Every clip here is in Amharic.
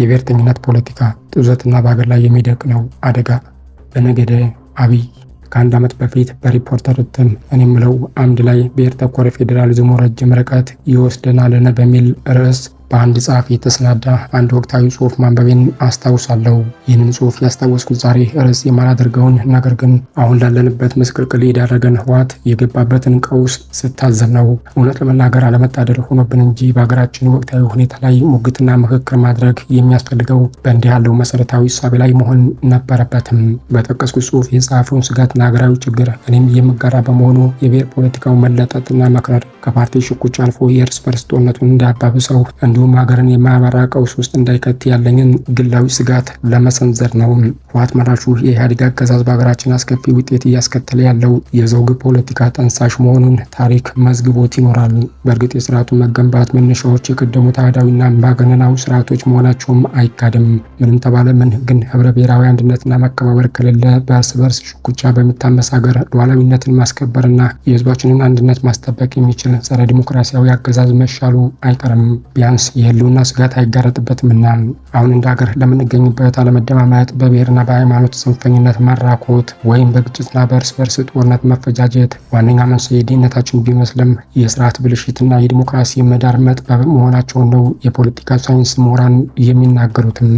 የብሔርተኝነት ፖለቲካ ጡዘትና በሀገር ላይ የሚደቅነው አደጋ በነገደ አብይ ከአንድ ዓመት በፊት በሪፖርተር እትም እኔ ምለው አምድ ላይ ብሔር ተኮር ፌዴራሊዝሙ ረጅም ርቀት ይወስደናልን በሚል ርዕስ በአንድ ጸሐፊ የተሰናዳ አንድ ወቅታዊ ጽሑፍ ማንበቤን አስታውሳለሁ። ይህንን ጽሑፍ ያስታወስኩት ዛሬ ርዕስ የማላደርገውን ነገር ግን አሁን ላለንበት ምስቅልቅል የዳረገን ህወሓት የገባበትን ቀውስ ስታዘብ ነው። እውነት ለመናገር አለመታደል ሆኖብን እንጂ በሀገራችን ወቅታዊ ሁኔታ ላይ ሙግትና ምክክር ማድረግ የሚያስፈልገው በእንዲህ ያለው መሰረታዊ እሳቤ ላይ መሆን ነበረበትም። በጠቀስኩት ጽሑፍ የጸሐፊውን ስጋትና ሀገራዊ ችግር እኔም የምጋራ በመሆኑ የብሔር ፖለቲካው መለጠጥና መክረር ከፓርቲ ሽኩች አልፎ የእርስ በርስ ጦርነቱን እንዳያባብሰው እንዲሁም ሀገርን የማህበራ ቀውስ ውስጥ እንዳይከት ያለኝን ግላዊ ስጋት ለመሰንዘር ነው። ህወሓት መራሹ የኢህአዴግ አገዛዝ በሀገራችን አስከፊ ውጤት እያስከተለ ያለው የዘውግ ፖለቲካ ጠንሳሽ መሆኑን ታሪክ መዝግቦት ይኖራል። በእርግጥ የስርዓቱ መገንባት መነሻዎች የቀደሙት አህዳዊና አምባገነናዊ ስርዓቶች መሆናቸውም አይካድም። ምንም ተባለ ምን ግን ህብረ ብሔራዊ አንድነትና መከባበር ከሌለ በእርስ በርስ ሽኩቻ በሚታመስ ሀገር ሉዓላዊነትን ማስከበርና የህዝባችንን አንድነት ማስጠበቅ የሚችል ጸረ ዲሞክራሲያዊ አገዛዝ መሻሉ አይቀርም ቢያንስ የህልውና ስጋት አይጋረጥበትምና አሁን እንደ ሀገር ለምንገኝበት አለመደማመጥ በብሔርና በሃይማኖት ጽንፈኝነት መራኮት ወይም በግጭትና በእርስ በርስ ጦርነት መፈጃጀት ዋነኛ መንስኤ የድህነታችን ቢመስልም የስርዓት ብልሽትና የዲሞክራሲ ምህዳር መጥበብ መሆናቸውን ነው የፖለቲካ ሳይንስ ምሁራን የሚናገሩትም።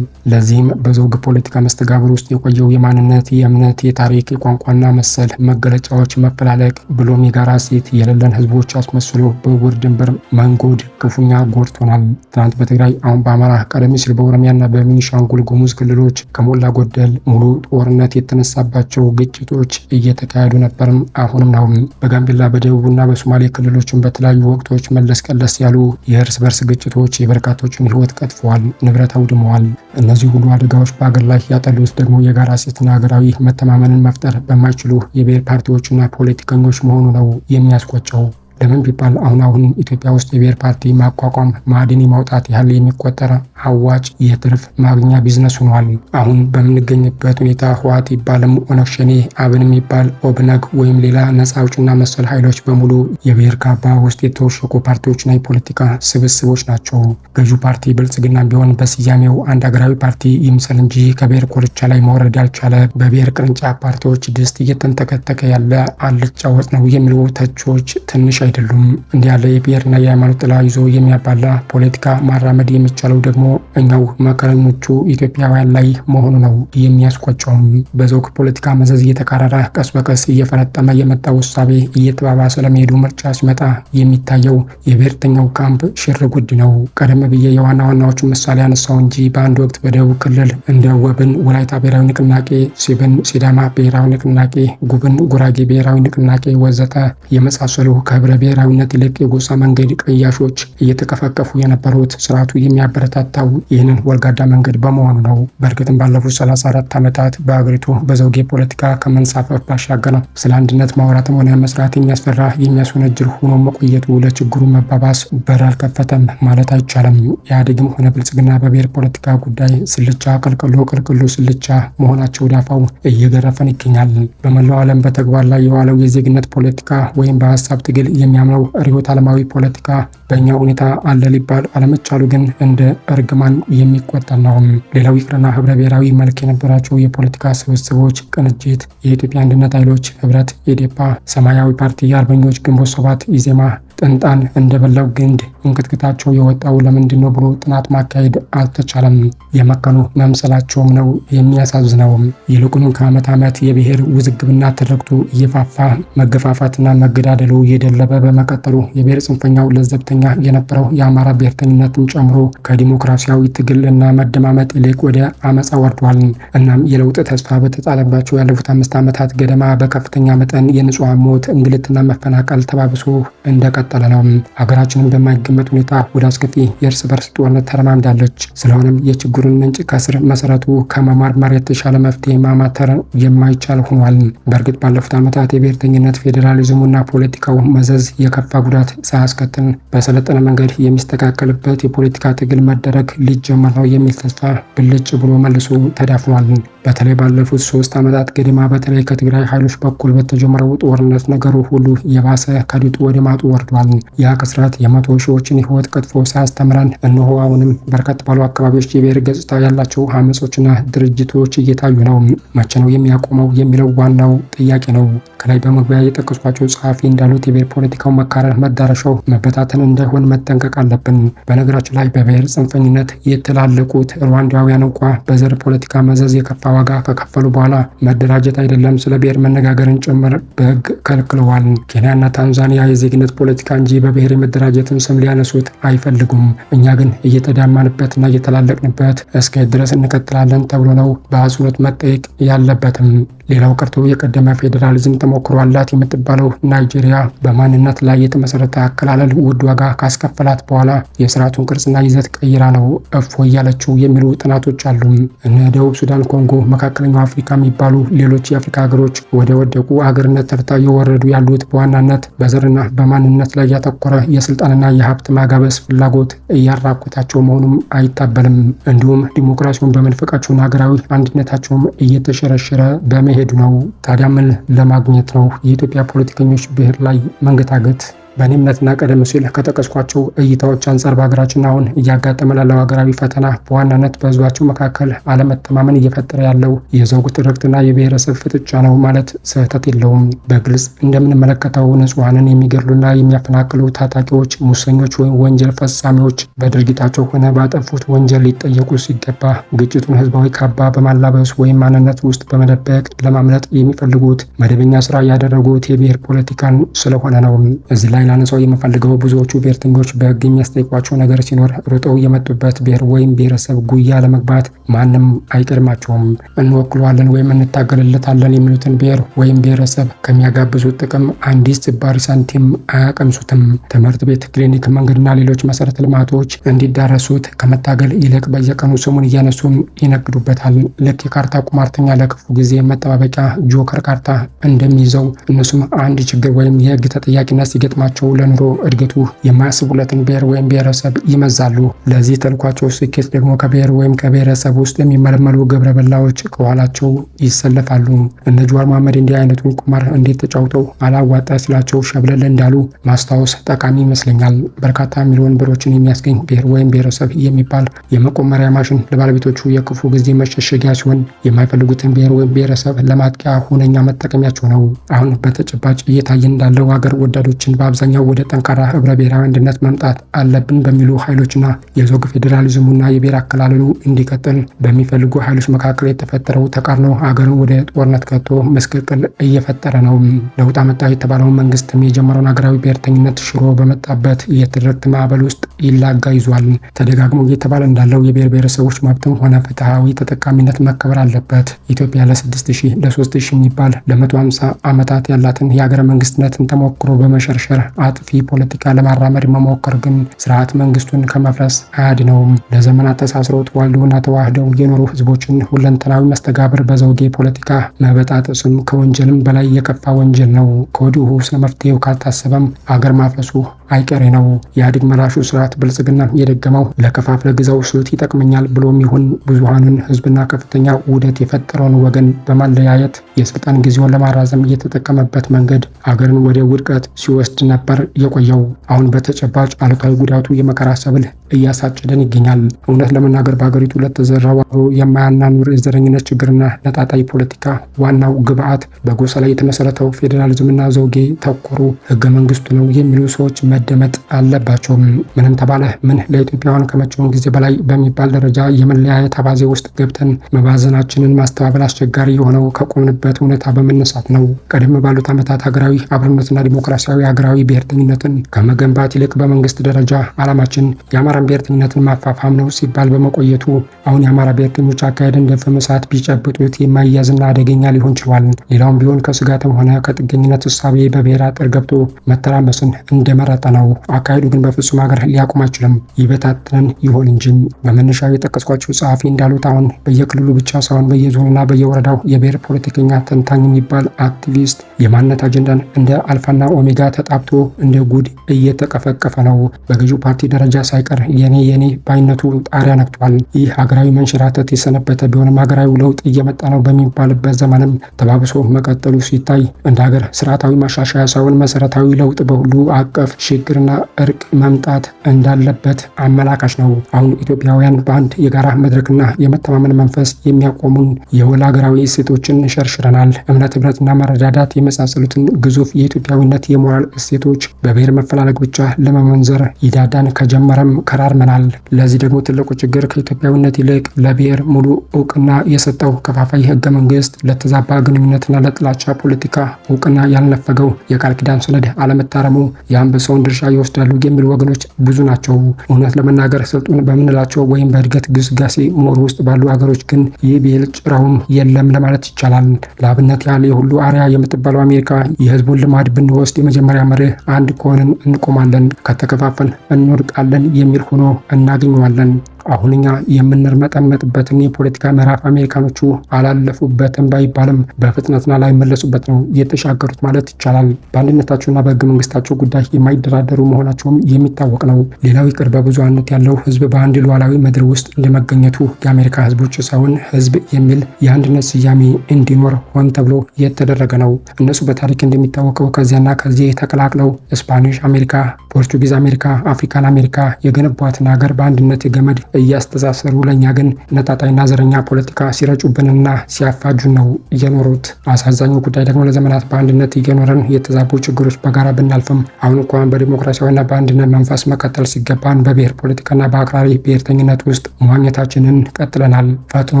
ለዚህም በዘውግ ፖለቲካ መስተጋብር ውስጥ የቆየው የማንነት፣ የእምነት፣ የታሪክ፣ የቋንቋና መሰል መገለጫዎች መፈላለቅ ብሎም የጋራ ሴት የሌለን ህዝቦች አስመስሎ በውር ድንበር መንጎድ ክፉኛ ጎድቶናል። ትናንት በትግራይ አሁን በአማራ ቀደም ሲል በኦሮሚያና በቤኒሻንጉል ጉሙዝ ክልሎች ከሞላ ጎደል ሙሉ ጦርነት የተነሳባቸው ግጭቶች እየተካሄዱ ነበርም አሁንም ነው። በጋምቤላ በደቡብና በሶማሌ ክልሎችም በተለያዩ ወቅቶች መለስ ቀለስ ያሉ የእርስ በርስ ግጭቶች የበርካቶችን ህይወት ቀጥፈዋል፣ ንብረት አውድመዋል። እነዚህ ሁሉ አደጋዎች በአገር ላይ ያጠሉት ደግሞ የጋራ ሴትና ሀገራዊ መተማመንን መፍጠር በማይችሉ የብሔር ፓርቲዎችና ፖለቲከኞች መሆኑ ነው የሚያስቆጨው። ለምን ቢባል አሁን አሁን ኢትዮጵያ ውስጥ የብሔር ፓርቲ ማቋቋም ማዕድን ማውጣት ያህል የሚቆጠር አዋጭ የትርፍ ማግኛ ቢዝነስ ሆኗል። አሁን በምንገኝበት ሁኔታ ህዋት ይባልም ኦነግ ሸኔ፣ አብንም ይባል ኦብነግ ወይም ሌላ ነጻ አውጭና መሰል ኃይሎች በሙሉ የብሔር ካባ ውስጥ የተወሸቁ ፓርቲዎችና የፖለቲካ ስብስቦች ናቸው። ገዢው ፓርቲ ብልጽግና ቢሆን በስያሜው አንድ ሀገራዊ ፓርቲ ይምሰል እንጂ ከብሔር ኮርቻ ላይ መውረድ ያልቻለ በብሔር ቅርንጫፍ ፓርቲዎች ድስት እየተንተከተከ ያለ አልጫ ወጥ ነው የሚሉ ተቾች ትንሽ አይደሉም። እንዲህ ያለ የብሔርና የሃይማኖት ጥላ ይዞ የሚያባላ ፖለቲካ ማራመድ የሚቻለው ደግሞ እኛው መከረኞቹ ኢትዮጵያውያን ላይ መሆኑ ነው የሚያስቆጨውም። በዘውግ ፖለቲካ መዘዝ እየተካረረ ቀስ በቀስ እየፈረጠመ የመጣው ውሳቤ እየተባባሰ ለመሄዱ ምርጫ ሲመጣ የሚታየው የብሔርተኛው ካምፕ ሽር ጉድ ነው። ቀደም ብዬ የዋና ዋናዎቹ ምሳሌ ያነሳው እንጂ በአንድ ወቅት በደቡብ ክልል እንደ ወብን ወላይታ ብሔራዊ ንቅናቄ፣ ሲብን ሲዳማ ብሔራዊ ንቅናቄ፣ ጉብን ጉራጌ ብሔራዊ ንቅናቄ ወዘተ የመሳሰሉ ከህብረ በብሔራዊነት ይልቅ የጎሳ መንገድ ቀያሾች እየተከፈከፉ የነበሩት ስርዓቱ የሚያበረታታው ይህንን ወልጋዳ መንገድ በመሆኑ ነው። በእርግጥም ባለፉት 34 ዓመታት በአገሪቱ በዘውጌ ፖለቲካ ከመንሳፈፍ ባሻገር ስለ አንድነት ማውራትም ሆነ መስራት የሚያስፈራ የሚያስወነጅር ሆኖ መቆየቱ ለችግሩ መባባስ በር አልከፈተም ማለት አይቻልም። ኢህአዴግም ሆነ ብልጽግና በብሔር ፖለቲካ ጉዳይ ስልቻ ቅልቅሎ ቅልቅሎ ስልቻ መሆናቸው ዳፋው እየገረፈን ይገኛል። በመላው ዓለም በተግባር ላይ የዋለው የዜግነት ፖለቲካ ወይም በሀሳብ ትግል የሚያምነው ርዕዮተ ዓለማዊ ፖለቲካ በእኛ ሁኔታ አለ ሊባል አለመቻሉ ግን እንደ እርግማን የሚቆጠር ነው። ሌላው ይቅርና ህብረ ብሔራዊ መልክ የነበራቸው የፖለቲካ ስብስቦች ቅንጅት፣ የኢትዮጵያ አንድነት ኃይሎች ህብረት፣ ኢዴፓ፣ ሰማያዊ ፓርቲ፣ የአርበኞች ግንቦት ሰባት፣ ኢዜማ ጥንጣን እንደበላው ግንድ እንክትክታቸው የወጣው ለምንድን ነው ብሎ ጥናት ማካሄድ አልተቻለም። የመከኑ መምሰላቸውም ነው የሚያሳዝነውም። ይልቁን ከዓመት ዓመት የብሔር ውዝግብና ትርክቱ እየፋፋ መገፋፋትና መገዳደሉ እየደለበ በመቀጠሉ የብሔር ጽንፈኛው ለዘብተኛ የነበረው የአማራ ብሔርተኝነትን ጨምሮ ከዲሞክራሲያዊ ትግል እና መደማመጥ ይልቅ ወደ አመፃ ወርዷል። እናም የለውጥ ተስፋ በተጣለባቸው ያለፉት አምስት ዓመታት ገደማ በከፍተኛ መጠን የንጹሐን ሞት፣ እንግልትና መፈናቀል ተባብሶ እንደቀ እንደቀጠለ ነው። ሀገራችንን በማይገመት ሁኔታ ወደ አስከፊ የእርስ በርስ ጦርነት ተረማምዳለች። ስለሆነም የችግሩን ምንጭ ከስር መሰረቱ ከመመርመር የተሻለ መፍትሄ ማማተር የማይቻል ሆኗል። በእርግጥ ባለፉት ዓመታት የብሔርተኝነት ፌዴራሊዝሙና ፖለቲካው መዘዝ የከፋ ጉዳት ሳያስከትል በሰለጠነ መንገድ የሚስተካከልበት የፖለቲካ ትግል መደረግ ሊጀመር ነው የሚል ተስፋ ብልጭ ብሎ መልሶ ተዳፍኗል። በተለይ ባለፉት ሶስት ዓመታት ገደማ በተለይ ከትግራይ ኃይሎች በኩል በተጀመረው ጦርነት ነገሩ ሁሉ የባሰ ከድጡ ወደ ማጡ ወርዷል። ያ ክስረት የመቶ ሺዎችን ህይወት ቀጥፎ ሳያስተምረን እነሆ አሁንም በርከት ባሉ አካባቢዎች የብሔር ገጽታ ያላቸው አመጾችና ድርጅቶች እየታዩ ነው። መቼ ነው የሚያቆመው የሚለው ዋናው ጥያቄ ነው። ከላይ በመግቢያ የጠቀስኳቸው ጸሐፊ እንዳሉት የብሔር ፖለቲካው መካረር መዳረሻው መበታተን እንዳይሆን መጠንቀቅ አለብን። በነገራችን ላይ በብሔር ጽንፈኝነት የተላለቁት ሩዋንዳውያን እንኳ በዘር ፖለቲካ መዘዝ የከፋ ዋጋ ከከፈሉ በኋላ መደራጀት አይደለም ስለ ብሔር መነጋገርን ጭምር በህግ ከልክለዋል። ኬንያና ታንዛኒያ የዜግነት ፖለቲካ እንጂ በብሔር የመደራጀትን ስም ሊያነሱት አይፈልጉም። እኛ ግን እየተዳማንበትና እየተላለቅንበት እስከ ድረስ እንቀጥላለን ተብሎ ነው በአጽንኦት መጠየቅ ያለበትም። ሌላው ቀርቶ የቀደመ ፌዴራሊዝም ተሞክሮ አላት የምትባለው ናይጄሪያ በማንነት ላይ የተመሰረተ አከላለል ውድ ዋጋ ካስከፈላት በኋላ የስርዓቱን ቅርጽና ይዘት ቀይራ ነው እፎ እያለችው የሚሉ ጥናቶች አሉ። እነ ደቡብ ሱዳን፣ ኮንጎ፣ መካከለኛው አፍሪካ የሚባሉ ሌሎች የአፍሪካ ሀገሮች ወደ ወደቁ አገርነት ተርታ እየወረዱ ያሉት በዋናነት በዘርና በማንነት ላይ ያተኮረ የስልጣንና የሀብት ማጋበስ ፍላጎት እያራኮታቸው መሆኑም አይታበልም። እንዲሁም ዲሞክራሲውን በመንፈቃቸውን ሀገራዊ አንድነታቸውም እየተሸረሸረ በመ እየሄዱ ነው። ታዲያ ምን ለማግኘት ነው የኢትዮጵያ ፖለቲከኞች ብሔር ላይ መንገታገት? በእኔ እምነትና ቀደም ሲል ከጠቀስኳቸው እይታዎች አንጻር በሀገራችን አሁን እያጋጠመ ላለው ሀገራዊ ፈተና በዋናነት በህዝባቸው መካከል አለመተማመን እየፈጠረ ያለው የዘውግ ትርክትና የብሔረሰብ ፍጥጫ ነው ማለት ስህተት የለውም። በግልጽ እንደምንመለከተው ንጹሐንን የሚገድሉና የሚያፈናቅሉ ታጣቂዎች፣ ሙሰኞች ወይም ወንጀል ፈጻሚዎች በድርጊታቸው ሆነ ባጠፉት ወንጀል ሊጠየቁ ሲገባ ግጭቱን ህዝባዊ ካባ በማላበስ ወይም ማንነት ውስጥ በመደበቅ ለማምለጥ የሚፈልጉት መደበኛ ስራ ያደረጉት የብሔር ፖለቲካን ስለሆነ ነው። እዚህ ላይ ላነሳው የምፈልገው ብዙዎቹ ብሔርተኞች በሕግ የሚያስጠይቋቸው ነገር ሲኖር ሩጠው የመጡበት ብሔር ወይም ብሔረሰብ ጉያ ለመግባት ማንም አይቀድማቸውም። እንወክለዋለን ወይም እንታገልለታለን የሚሉትን ብሔር ወይም ብሔረሰብ ከሚያጋብዙት ጥቅም አንዲት ስባሪ ሳንቲም አያቀምሱትም። ትምህርት ቤት፣ ክሊኒክ፣ መንገድና ሌሎች መሰረተ ልማቶች እንዲዳረሱት ከመታገል ይልቅ በየቀኑ ስሙን እያነሱ ይነግዱበታል። ልክ የካርታ ቁማርተኛ ለክፉ ጊዜ መጠባበቂያ ጆከር ካርታ እንደሚይዘው እነሱም አንድ ችግር ወይም የህግ ተጠያቂነት ሲገጥማቸው በመሆናቸው ለኑሮ እድገቱ የማያስቡለትን ብሔር ወይም ብሔረሰብ ይመዛሉ። ለዚህ ተልኳቸው ስኬት ደግሞ ከብሔር ወይም ከብሔረሰብ ውስጥ የሚመለመሉ ግብረ በላዎች ከኋላቸው ይሰለፋሉ። እነ ጀዋር መሐመድ እንዲህ አይነቱን ቁማር እንዴት ተጫውተው አላዋጣ ስላቸው ሸብለል እንዳሉ ማስታወስ ጠቃሚ ይመስለኛል። በርካታ ሚሊዮን ብሮችን የሚያስገኝ ብሔር ወይም ብሔረሰብ የሚባል የመቆመሪያ ማሽን ለባለቤቶቹ የክፉ ጊዜ መሸሸጊያ ሲሆን የማይፈልጉትን ብሔር ወይም ብሔረሰብ ለማጥቂያ ሁነኛ መጠቀሚያቸው ነው። አሁን በተጨባጭ እየታየ እንዳለው ሀገር ወዳዶችን በአብዛ ሶስተኛው ወደ ጠንካራ ህብረ ብሔራዊ አንድነት መምጣት አለብን በሚሉ ኃይሎችና የዞግ ፌዴራሊዝሙና የብሔር አከላለሉ እንዲቀጥል በሚፈልጉ ኃይሎች መካከል የተፈጠረው ተቃርኖ ሀገርን ወደ ጦርነት ከቶ መስቀልቅል እየፈጠረ ነው። ለውጥ አመጣ የተባለውን መንግስትም የጀመረውን ሀገራዊ ብሔርተኝነት ሽሮ በመጣበት የትርክት ማዕበል ውስጥ ይላጋ ይዟል። ተደጋግሞ እየተባለ እንዳለው የብሔር ብሔረሰቦች መብትም ሆነ ፍትሐዊ ተጠቃሚነት መከበር አለበት። ኢትዮጵያ ለ6000 ለ 3 የሚባል ለ150 ዓመታት ያላትን የሀገረ መንግስትነትን ተሞክሮ በመሸርሸር አጥፊ ፖለቲካ ለማራመድ መሞከር ግን ስርዓት መንግስቱን ከመፍረስ አያድነውም። ለዘመናት ተሳስረው ተዋልደውና ተዋህደው የኖሩ ህዝቦችን ሁለንተናዊ መስተጋብር በዘውጌ ፖለቲካ መበጣጠሱም ከወንጀልም በላይ የከፋ ወንጀል ነው። ከወዲሁ ስለ መፍትሄው ካልታሰበም አገር ማፍረሱ አይቀሬ ነው። የአድግ መራሹ ስርዓት ብልጽግናን የደገመው ለከፋፍለ ግዛው ስልት ይጠቅመኛል ብሎም ይሁን ብዙሀኑን ህዝብና ከፍተኛ ውህደት የፈጠረውን ወገን በማለያየት የስልጣን ጊዜውን ለማራዘም የተጠቀመበት መንገድ አገርን ወደ ውድቀት ሲወስድ ነበር የቆየው። አሁን በተጨባጭ አሉታዊ ጉዳቱ የመከራ ሰብል እያሳጨደን ይገኛል። እውነት ለመናገር በሀገሪቱ ለተዘራው የማያናኑር የዘረኝነት ችግርና ነጣጣይ ፖለቲካ ዋናው ግብዓት በጎሳ ላይ የተመሰረተው ፌዴራሊዝምና ዘውጌ ተኮሩ ህገ መንግስቱ ነው የሚሉ ሰዎች መደመጥ አለባቸውም። ምንም ተባለ ምን ለኢትዮጵያውያን ከመቼውም ጊዜ በላይ በሚባል ደረጃ የመለያየት አባዜ ውስጥ ገብተን መባዘናችንን ማስተባበል አስቸጋሪ የሆነው ከቆምንበት እውነታ በመነሳት ነው። ቀደም ባሉት ዓመታት ሀገራዊ አብሮነትና ዲሞክራሲያዊ ሀገራዊ ብሔርተኝነትን ከመገንባት ይልቅ በመንግስት ደረጃ ዓላማችን የአማራን ብሔርተኝነትን ማፋፋም ነው ሲባል በመቆየቱ አሁን የአማራ ብሔርተኞች አካሄድን ገፈመ ሰዓት ቢጨብጡት የማያዝና አደገኛ ሊሆን ችሏል። ሌላውም ቢሆን ከስጋትም ሆነ ከጥገኝነት እሳቤ በብሔር አጥር ገብቶ መተራመስን እንደመረጠ ነው። አካሄዱ ግን በፍጹም ሀገር ሊያቆም አይችልም፣ ይበታትነን ይሆን እንጂ። በመነሻው የጠቀስኳቸው ጸሐፊ እንዳሉት አሁን በየክልሉ ብቻ ሳይሆን በየዞኑና በየወረዳው የብሔር ፖለቲከኛ ተንታኝ የሚባል አክቲቪስት የማንነት አጀንዳን እንደ አልፋና ኦሜጋ ተጣብቶ እንደ ጉድ እየተቀፈቀፈ ነው። በገዢው ፓርቲ ደረጃ ሳይቀር የኔ የኔ ባይነቱ ጣሪያ ነክቷል። ይህ ሀገራዊ መንሸራተት የሰነበተ ቢሆንም ሀገራዊ ለውጥ እየመጣ ነው በሚባልበት ዘመንም ተባብሶ መቀጠሉ ሲታይ እንደ ሀገር ስርዓታዊ ማሻሻያ ሳይሆን መሰረታዊ ለውጥ በሁሉ አቀፍ ሽግግርና እርቅ መምጣት እንዳለበት አመላካች ነው። አሁን ኢትዮጵያውያን በአንድ የጋራ መድረክና የመተማመን መንፈስ የሚያቆሙን የወላ ሀገራዊ እሴቶችን ሸርሽረናል። እምነት፣ ህብረትና መረዳዳት የመሳሰሉትን ግዙፍ የኢትዮጵያዊነት የሞራል እሴቶች በብሔር መፈላለግ ብቻ ለመመንዘር ይዳዳን ከጀመረም ከራርመናል። ለዚህ ደግሞ ትልቁ ችግር ከኢትዮጵያዊነት ይልቅ ለብሔር ሙሉ እውቅና የሰጠው ከፋፋይ ህገ መንግስት፣ ለተዛባ ግንኙነትና ለጥላቻ ፖለቲካ እውቅና ያልነፈገው የቃል ኪዳን ሰነድ አለመታረሙ የአንበሳውን ድርሻ ይወስዳሉ የሚል ወገኖች ብዙ ናቸው። እውነት ለመናገር ስልጡን በምንላቸው ወይም በእድገት ግስጋሴ ሞር ውስጥ ባሉ ሀገሮች ግን ይህ ብሄል ጭራውም የለም ለማለት ይቻላል። ለአብነት ያህል የሁሉ አርያ የምትባለው አሜሪካ የህዝቡን ልማድ ብንወስድ የመጀመሪያ መርህ አንድ ከሆንን እንቆማለን፣ ከተከፋፈን እንወድቃለን የሚል ሆኖ እናገኘዋለን። አሁንኛ የምንርመጠመጥበትን የፖለቲካ ምዕራፍ አሜሪካኖቹ አላለፉበትም ባይባልም በፍጥነትና ላይመለሱበት ነው የተሻገሩት ማለት ይቻላል። በአንድነታቸውና በህገ መንግስታቸው ጉዳይ የማይደራደሩ መሆናቸውም የሚታወቅ ነው። ሌላው ይቅር በብዙሃነት ያለው ህዝብ በአንድ ሉዓላዊ ምድር ውስጥ እንደመገኘቱ የአሜሪካ ህዝቦች ሳይሆን ህዝብ የሚል የአንድነት ስያሜ እንዲኖር ሆን ተብሎ የተደረገ ነው። እነሱ በታሪክ እንደሚታወቀው ከዚያና ከዚህ ተቀላቅለው ስፓኒሽ አሜሪካ፣ ፖርቱጊዝ አሜሪካ፣ አፍሪካን አሜሪካ የገነቧትን ሀገር በአንድነት ገመድ እያስተሳሰሩ ለእኛ ግን ነጣጣይና ዘረኛ ፖለቲካ ሲረጩብንና ሲያፋጁን ነው እየኖሩት። አሳዛኙ ጉዳይ ደግሞ ለዘመናት በአንድነት እየኖረን የተዛቡ ችግሮች በጋራ ብናልፍም አሁን እንኳን በዲሞክራሲያዊና በአንድነት መንፈስ መቀጠል ሲገባን በብሔር ፖለቲካና በአክራሪ ብሔርተኝነት ውስጥ መዋኘታችንን ቀጥለናል። ፈጥኖ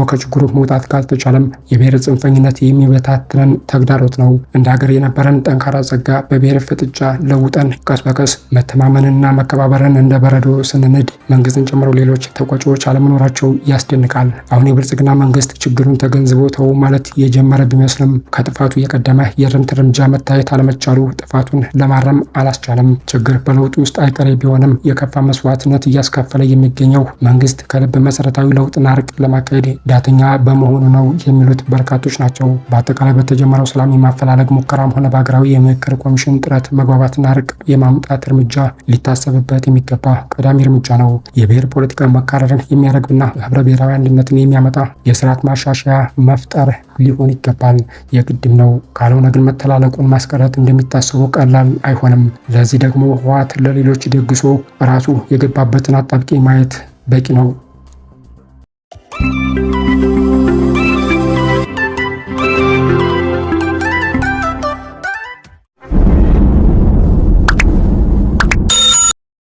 ከችግሩ መውጣት ካልተቻለም የብሔር ጽንፈኝነት የሚበታትነን ተግዳሮት ነው። እንደ ሀገር የነበረን ጠንካራ ጸጋ በብሔር ፍጥጫ ለውጠን ቀስ በቀስ መተማመንና መከባበርን እንደ በረዶ ስንንድ መንግስትን ጨምሮ ሌሎች ተቋጮች አለመኖራቸው ያስደንቃል። አሁን የብልጽግና መንግስት ችግሩን ተገንዝቦ ተው ማለት የጀመረ ቢመስልም ከጥፋቱ የቀደመ የርምት እርምጃ መታየት አለመቻሉ ጥፋቱን ለማረም አላስቻለም። ችግር በለውጡ ውስጥ አይቀሬ ቢሆንም የከፋ መስዋዕትነት እያስከፈለ የሚገኘው መንግስት ከልብ መሰረታዊ ለውጥና እርቅ ለማካሄድ ዳተኛ በመሆኑ ነው የሚሉት በርካቶች ናቸው። በአጠቃላይ በተጀመረው ሰላም የማፈላለግ ሙከራም ሆነ በሀገራዊ የምክክር ኮሚሽን ጥረት መግባባትና እርቅ የማምጣት እርምጃ ሊታሰብበት የሚገባ ቀዳሚ እርምጃ ነው። የብሔር ፖለቲካ መካ መካረርን የሚያረግብና ህብረ ብሔራዊ አንድነትን የሚያመጣ የስርዓት ማሻሻያ መፍጠር ሊሆን ይገባል፣ የግድም ነው። ካልሆነ ግን መተላለቁን ማስቀረት እንደሚታሰበው ቀላል አይሆንም። ለዚህ ደግሞ ህወሓት ለሌሎች ደግሶ ራሱ የገባበትን አጣብቂ ማየት በቂ ነው።